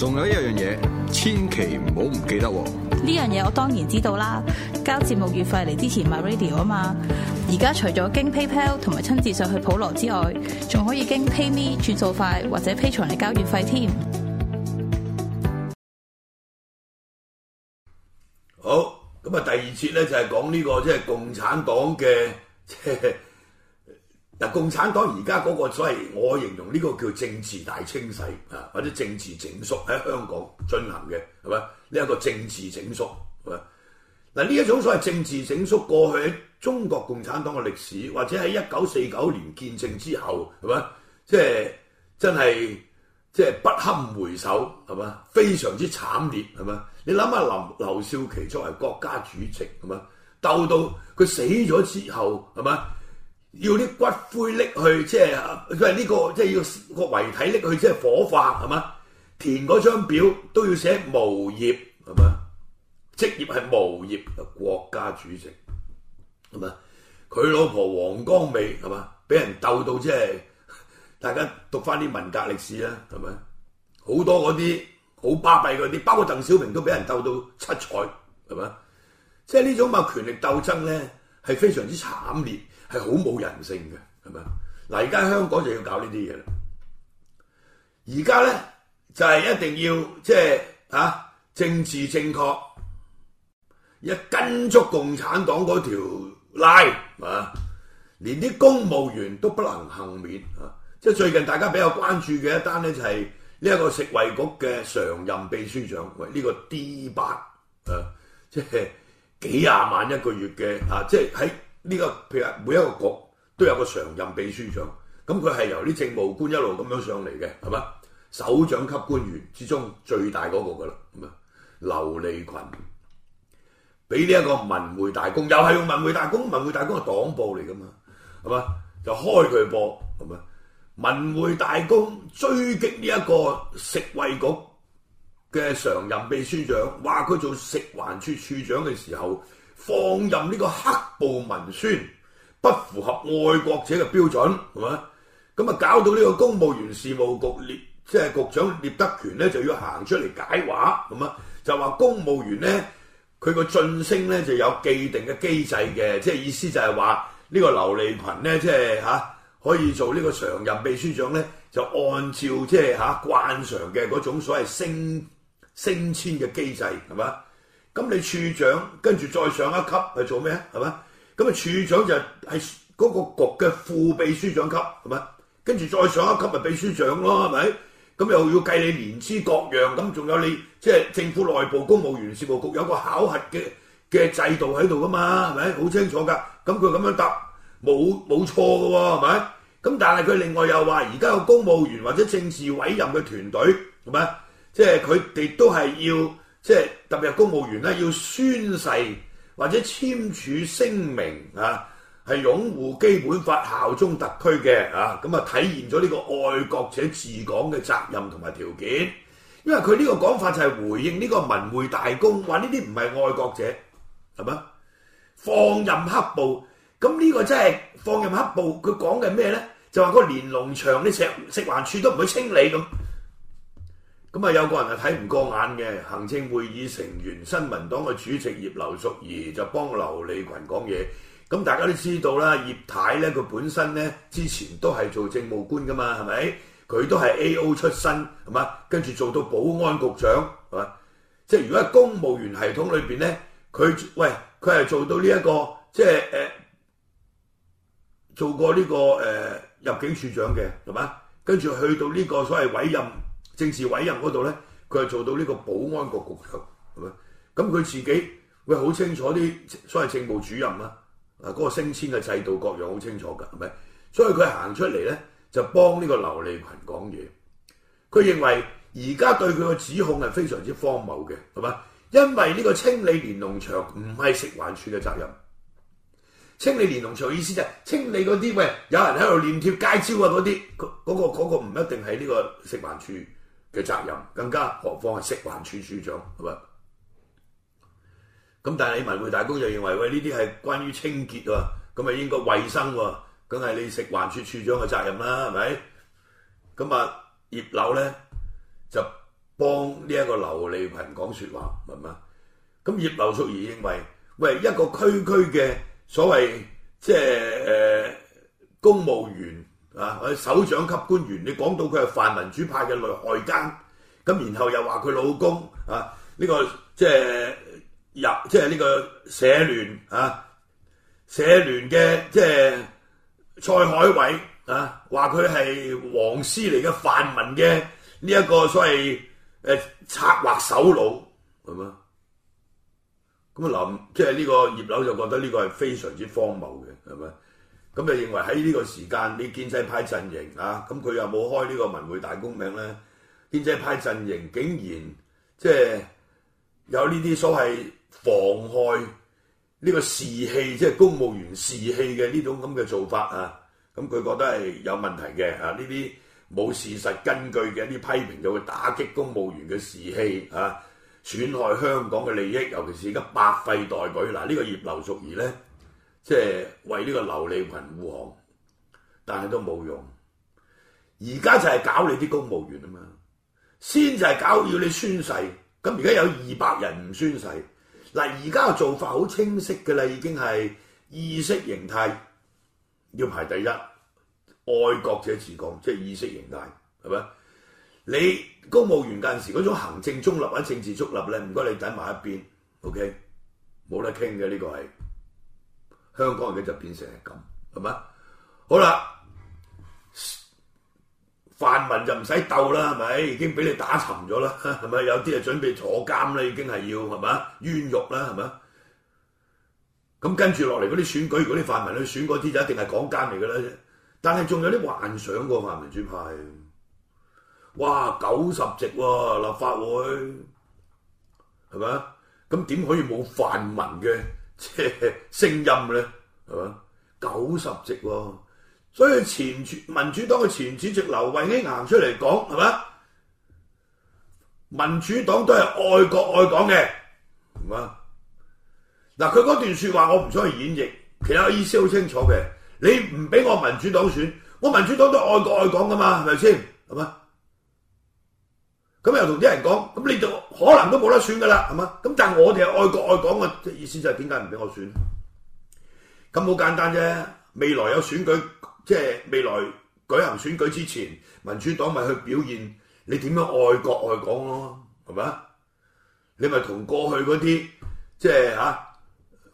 仲有一樣嘢，千祈唔好唔記得喎！呢樣嘢我當然知道啦，交節目月費嚟之前 MyRadio 啊嘛。而家除咗經 PayPal 同埋親自上去普羅之外，仲可以經 PayMe 轉數快或者 Patreon 嚟交月費添。好，咁啊，第二節咧就係、是、講呢、這個即係、就是、共產黨嘅嗱，共產黨而家嗰個所謂，我形容呢個叫政治大清洗啊，或者政治整肅喺香港進行嘅，係咪？呢一個政治整肅啊，嗱呢一種所謂政治整肅，過去喺中國共產黨嘅歷史，或者喺一九四九年建政之後，係咪？即係真係即係不堪回首，係咪？非常之慘烈，係咪？你諗下，林劉少奇作為國家主席，係咪？鬥到佢死咗之後，係咪？要啲骨灰拎去，即係佢係呢個，即係要個遺體拎去，即係火化，係嘛？填嗰張表都要寫無業，係嘛？職業係無業，國家主席係嘛？佢老婆王光美係嘛？俾人鬥到即係大家讀翻啲文革歷史啦，係咪？好多嗰啲好巴閉嗰啲，包括鄧小平都俾人鬥到七彩，係嘛？即係呢種嘛權力鬥爭咧，係非常之慘烈。係好冇人性嘅，係咪？嗱，而家香港就要搞呢啲嘢啦。而家咧就係、是、一定要即係、就是、啊，政治正確，一跟足共產黨嗰條 line 啊，連啲公務員都不能幸免啊。即係最近大家比較關注嘅一單咧，就係呢一個食衞局嘅常任秘書長，喂、這、呢個 D8 啊，即係幾廿萬一個月嘅啊，即係喺。呢、呢個譬如每一個局都有個常任秘書長，咁佢係由啲政務官一路咁樣上嚟嘅，係嘛？首長級官員，之中最大嗰個噶啦，咁啊，劉利群俾呢一個文匯大公，又係用文匯大公，文匯大公係黨報嚟噶嘛，係嘛？就開佢播，咁啊，文匯大公追擊呢一個食衞局嘅常任秘書長，話佢做食環處處長嘅時候。放任呢個黑暴文宣，不符合愛國者嘅標準，係嘛？咁啊，搞到呢個公務員事務局列即係局長聶德權咧，就要行出嚟解話，咁啊，就話公務員咧佢個晉升咧就有既定嘅機制嘅，即係意思就係話呢個劉利群咧，即係嚇可以做呢個常任秘書長咧，就按照即係嚇慣常嘅嗰種所謂升升遷嘅機制，係嘛？咁你處長跟住再上一級係做咩？係咪？咁啊處長就係嗰個局嘅副秘書長級係咪？跟住再上一級咪秘書長咯，係咪？咁又要計你年資各樣，咁仲有你即係、就是、政府內部公務員事務局有個考核嘅嘅制度喺度噶嘛？係咪？好清楚㗎。咁佢咁樣答冇冇錯嘅喎，係咪？咁但係佢另外又話，而家有公務員或者政治委任嘅團隊係咪？即係佢哋都係要。即係特別係公務員咧，要宣誓或者簽署聲明啊，係擁護基本法、效忠特區嘅啊，咁啊體現咗呢個愛國者治港嘅責任同埋條件。因為佢呢個講法就係回應呢個文匯大公話呢啲唔係愛國者係咪？放任黑暴，咁呢個真係放任黑暴。佢講嘅咩咧？就話個連農場啲食食環署都唔會清理咁。咁啊、嗯，有個人係睇唔過眼嘅，行政會議成員、新民黨嘅主席葉劉淑儀就幫劉利群講嘢。咁、嗯、大家都知道啦，葉太咧佢本身咧之前都係做政務官㗎嘛，係咪？佢都係 AO 出身，係嘛？跟住做到保安局長，係嘛？即係如果喺公務員系統裏邊咧，佢喂佢係做到呢、這、一個，即係誒、呃，做過呢、這個誒、呃、入境處長嘅，係嘛？跟住去到呢個所謂委任。政治委任嗰度咧，佢係做到呢個保安局局長，係咪？咁佢自己會好清楚啲，所謂政務主任啦，啊、嗰、嗰個升遷嘅制度各樣好清楚噶，係咪？所以佢行出嚟咧，就幫呢個劉利群講嘢。佢認為而家對佢嘅指控係非常之荒謬嘅，係咪？因為呢個清理連儂牆唔係食環署嘅責任。清理連儂牆嘅意思就係清理嗰啲喂，有人喺度粘貼街招啊嗰啲，嗰、嗰、嗰個、嗰個唔一定係呢個食環署。嘅責任，更加何況係食環處處長，係咪？咁但係你文匯大公就認為喂，呢啲係關於清潔喎、啊，咁咪應該衞生喎、啊，梗係你食環處處長嘅責任啦、啊，係咪？咁啊葉劉呢就幫呢一個劉利群講説話，係咪？咁葉劉淑儀認為喂，一個區區嘅所謂即係、呃、公務員。啊！首長級官員，你講到佢係泛民主派嘅內內奸，咁然後又話佢老公啊，呢、這個即係入即係呢個社聯啊，社聯嘅即係蔡海偉啊，話佢係黃絲嚟嘅泛民嘅呢一個所謂誒、呃、策劃首腦係嘛？咁啊林即係呢個葉劉，就覺得呢個係非常之荒謬嘅係咪？咁就認為喺呢個時間，你建制派陣營啊，咁佢又冇開呢個文匯大公名咧？建制派陣營竟然即係有呢啲所謂妨害呢個士氣，即係公務員士氣嘅呢種咁嘅做法啊！咁佢覺得係有問題嘅啊！呢啲冇事實根據嘅一啲批評就會打擊公務員嘅士氣啊，損害香港嘅利益，尤其是而家百廢待舉嗱，呢、啊這個葉劉淑儀咧。即係為呢個劉利群護航，但係都冇用。而家就係搞你啲公務員啊嘛，先就係搞要你宣誓，咁而家有二百人唔宣誓。嗱，而家嘅做法好清晰嘅啦，已經係意識形態要排第一。愛國者治港，即係意識形態，係咪？你公務員嗰陣時嗰種行政中立或者政治中立咧，唔該你揀埋一邊，OK，冇得傾嘅呢個係。香港人嘅就變成係咁，係咪？好啦，泛民就唔使鬥啦，係咪？已經俾你打沉咗啦，係咪？有啲啊準備坐監啦，已經係要係咪？冤獄啦，係咪？咁跟住落嚟嗰啲選舉，嗰啲泛民去選嗰啲就一定係港奸嚟嘅啦啫。但係仲有啲幻想過泛民主派，哇！九十席喎立法會，係咪？咁點可以冇泛民嘅？聲音咧，係嘛？九十席喎，啊，所以前主民主黨嘅前主席劉慧卿行出嚟講，係嘛？民主黨都係愛國愛港嘅，係嘛？嗱，佢嗰段説話我唔想去演繹，其他意思好清楚嘅。你唔俾我民主黨選，我民主黨都愛國愛港噶嘛，係咪先？係嘛？咁又同啲人講，咁你就可能都冇得選噶啦，係嘛？咁但係我哋係愛國愛港嘅，即意思就係點解唔俾我選？咁好簡單啫。未來有選舉，即係未來舉行選舉之前，民主黨咪去表現你點樣愛國愛港咯，係咪？你咪同過去嗰啲即係嚇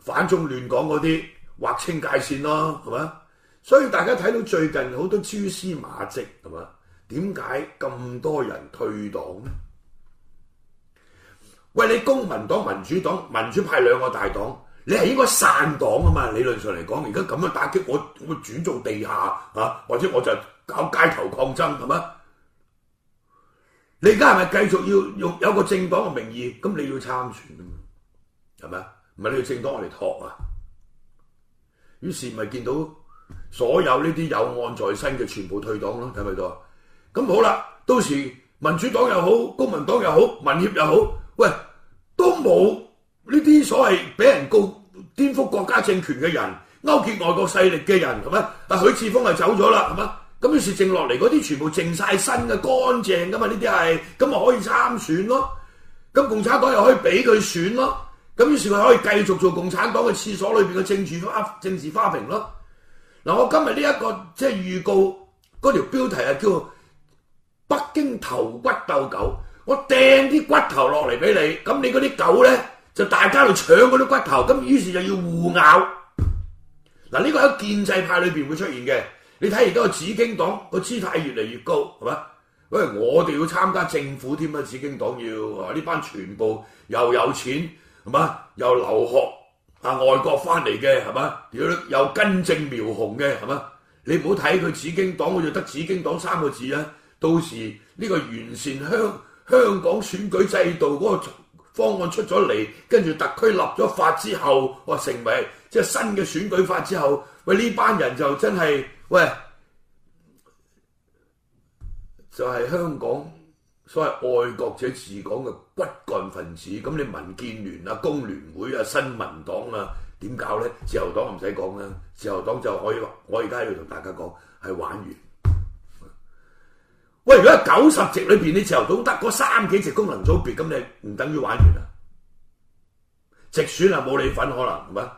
反中亂港嗰啲劃清界線咯，係咪？所以大家睇到最近好多蛛絲馬跡，係咪？點解咁多人退黨咧？喂，你公民黨、民主黨、民主派兩個大黨，你係應該散黨啊嘛？理論上嚟講，而家咁樣打擊我，我轉做地下啊，或者我就搞街頭抗爭，係咪？你而家係咪繼續要用有個政黨嘅名義？咁你要參選啊嘛？係咪啊？唔係你要政黨我哋托啊？於是咪見到所有呢啲有案在身嘅全部退黨咯，睇咪到啊？咁好啦，到時民主黨又好，公民黨又好，民協又好，喂，都冇呢啲所謂俾人告、顛覆國家政權嘅人，勾結外國勢力嘅人，係咪？啊，許智峰係走咗啦，係咪？咁於是剩落嚟嗰啲全部淨晒身嘅，乾淨噶嘛？呢啲係，咁咪可以參選咯。咁共產黨又可以俾佢選咯。咁於是佢可以繼續做共產黨嘅廁所裏邊嘅政治花政治花瓶咯。嗱，我今日呢一個即係預告嗰條標題係叫。北京投骨鬥狗，我掟啲骨頭落嚟俾你，咁你嗰啲狗咧就大家就搶嗰啲骨頭，咁於是就要互咬。嗱，呢個喺建制派裏邊會出現嘅。你睇而家個紫荊黨個姿態越嚟越高，係嘛？喂，我哋要參加政府添啊！紫荊黨要呢班全部又有錢，係嘛？又留學啊外國翻嚟嘅，係嘛？又有根正苗紅嘅，係嘛？你唔好睇佢紫荊黨，我就得紫荊黨三個字啊！到時呢個完善香港香港選舉制度嗰個方案出咗嚟，跟住特區立咗法之後，我成為即係新嘅選舉法之後，喂，呢班人就真係喂，就係香港所謂愛國者治港嘅骨幹分子。咁你民建聯啊、工聯會啊、新民黨啊，點搞咧？自由黨唔使講啦，自由黨就可以，我而家喺度同大家講係玩完。喂，如果九十席裏邊你自由黨得嗰三幾席功能組別，咁你唔等於玩完啦？直選啊冇你份可能，係咪？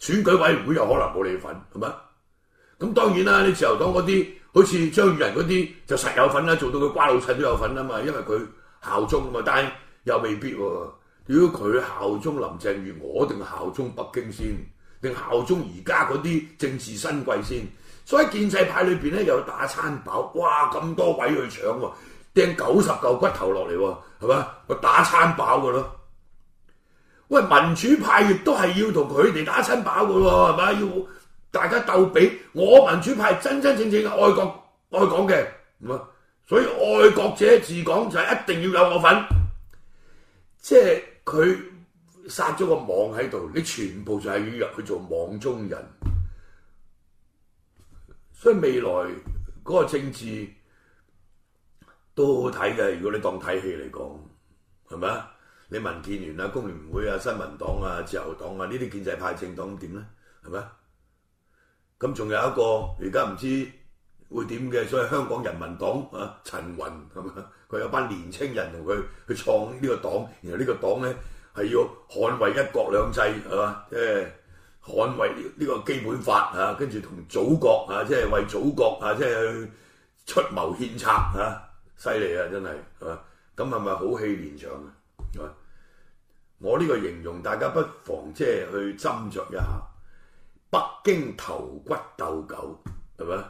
選舉委員會又可能冇你份，係咪？咁當然啦，你自由黨嗰啲，好似張宇人嗰啲，就實有份啦。做到佢瓜老襯都有份啊嘛，因為佢效忠嘛。但係又未必。如果佢效忠林鄭月，我定效忠北京先，定效忠而家嗰啲政治新貴先？所以建制派裏邊咧又打餐飽，哇咁多位去搶喎，掟九十嚿骨頭落嚟喎，係咪？我打餐飽嘅咯。喂，民主派亦都係要同佢哋打餐飽嘅咯，係咪？要大家鬥比，我民主派真真正正嘅愛國愛港嘅，唔啊，所以愛國者治港就一定要有我份。即係佢撒咗個網喺度，你全部就係要入去做網中人。所以未來嗰個政治都好睇嘅，如果你當睇戲嚟講，係咪啊？你民建聯啊、工聯會啊、新民黨啊、自由黨啊，呢啲建制派政黨咁點咧？係咪啊？咁仲有一個，而家唔知會點嘅，所以香港人民黨啊，陳雲係咪啊？佢有班年青人同佢去創呢個黨，然後呢個黨咧係要捍衞一國兩制，係嘛？即係。捍衛呢個基本法吓，啊、跟住同祖國吓，即、啊、係為祖國吓，即係出謀獻策吓，犀利啊！真係係嘛，咁係咪好戲連場啊？係嘛，我呢個形容，大家不妨即係去斟酌一下。北京投骨鬥狗係嘛，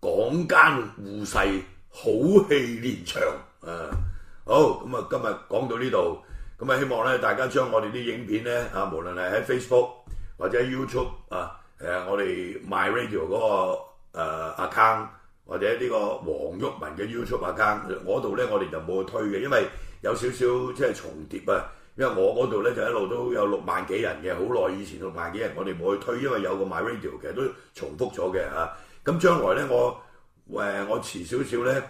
港奸互噬，好戲連場啊！好，咁啊，今日講到呢度，咁啊，希望咧大家將我哋啲影片咧吓，無論係喺 Facebook。或者 YouTube 啊，誒、呃、我哋 My Radio 嗰、那個、呃、account，或者呢個黃毓民嘅 YouTube account，我度咧我哋就冇去推嘅，因為有少少即係、就是、重疊啊。因為我嗰度咧就一路都有六萬幾人嘅，好耐以前六萬幾人，我哋冇去推，因為有個 My Radio 其實都重複咗嘅嚇。咁、啊、將來咧我誒、呃、我遲少少咧，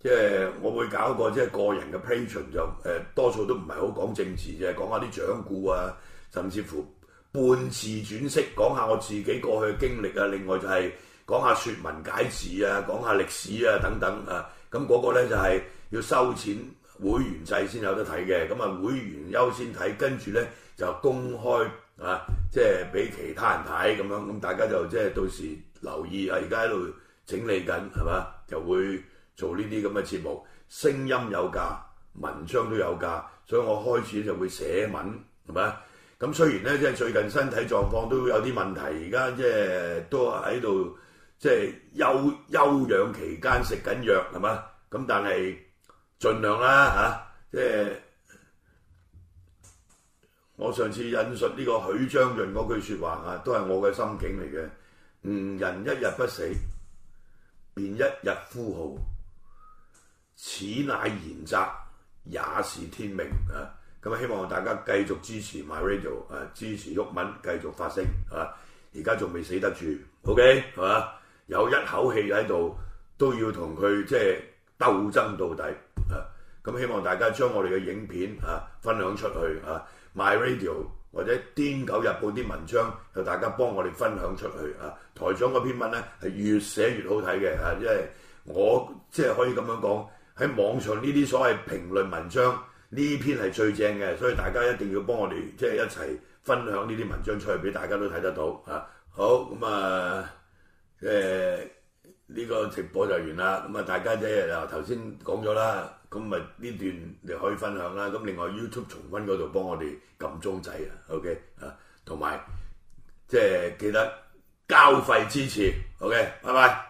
即、就、係、是、我會搞一個即係、就是、個人嘅 Patreon 就誒、呃、多數都唔係好講政治啫，講下啲掌故啊，甚至乎。半自傳式，講下我自己過去嘅經歷啊！另外就係講下説文解字啊，講下歷史啊等等啊！咁、那、嗰個呢就係要收錢會員制先有得睇嘅，咁啊會員優先睇，跟住呢就公開啊，即係俾其他人睇咁樣。咁大家就即係到時留意啊！而家喺度整理緊，係嘛？就會做呢啲咁嘅節目，聲音有價，文章都有價，所以我開始就會寫文，係咪？咁雖然咧，即係最近身體狀況都有啲問題，而家即係都喺度即係休休養期間食緊藥，係嘛？咁但係儘量啦嚇，即係我上次引述呢個許章潤嗰句説話啊，都係我嘅心境嚟嘅。吾人一日不死，便一日呼號，此乃言責，也是天命啊！咁希望大家繼續支持 My Radio，誒支持毓民繼續發聲，嚇、啊！而家仲未死得住，OK，係、啊、嘛？有一口氣喺度，都要同佢即係鬥爭到底。嚇、啊！咁希望大家將我哋嘅影片嚇、啊、分享出去，嚇、啊、My Radio 或者《癲狗日報》啲文章，就大家幫我哋分享出去。嚇、啊！台長嗰篇文咧係越寫越好睇嘅，嚇、啊！因為我即係、就是、可以咁樣講喺網上呢啲所謂評論文章。呢篇係最正嘅，所以大家一定要幫我哋即係一齊分享呢啲文章出去俾大家都睇得到嚇、啊。好，咁、嗯、啊，誒、呃、呢、呢個直播就完啦。咁、嗯、啊，大家即係嗱頭先講咗啦，咁咪呢段你可以分享啦。咁、啊、另外 YouTube 重溫嗰度幫我哋撳鐘仔啊。OK 啊，同埋即係記得交費支持。OK、啊、拜拜。